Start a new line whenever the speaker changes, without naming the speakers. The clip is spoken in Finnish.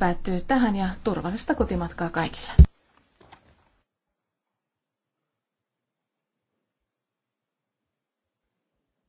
päättyy tähän ja turvallista kotimatkaa kaikille.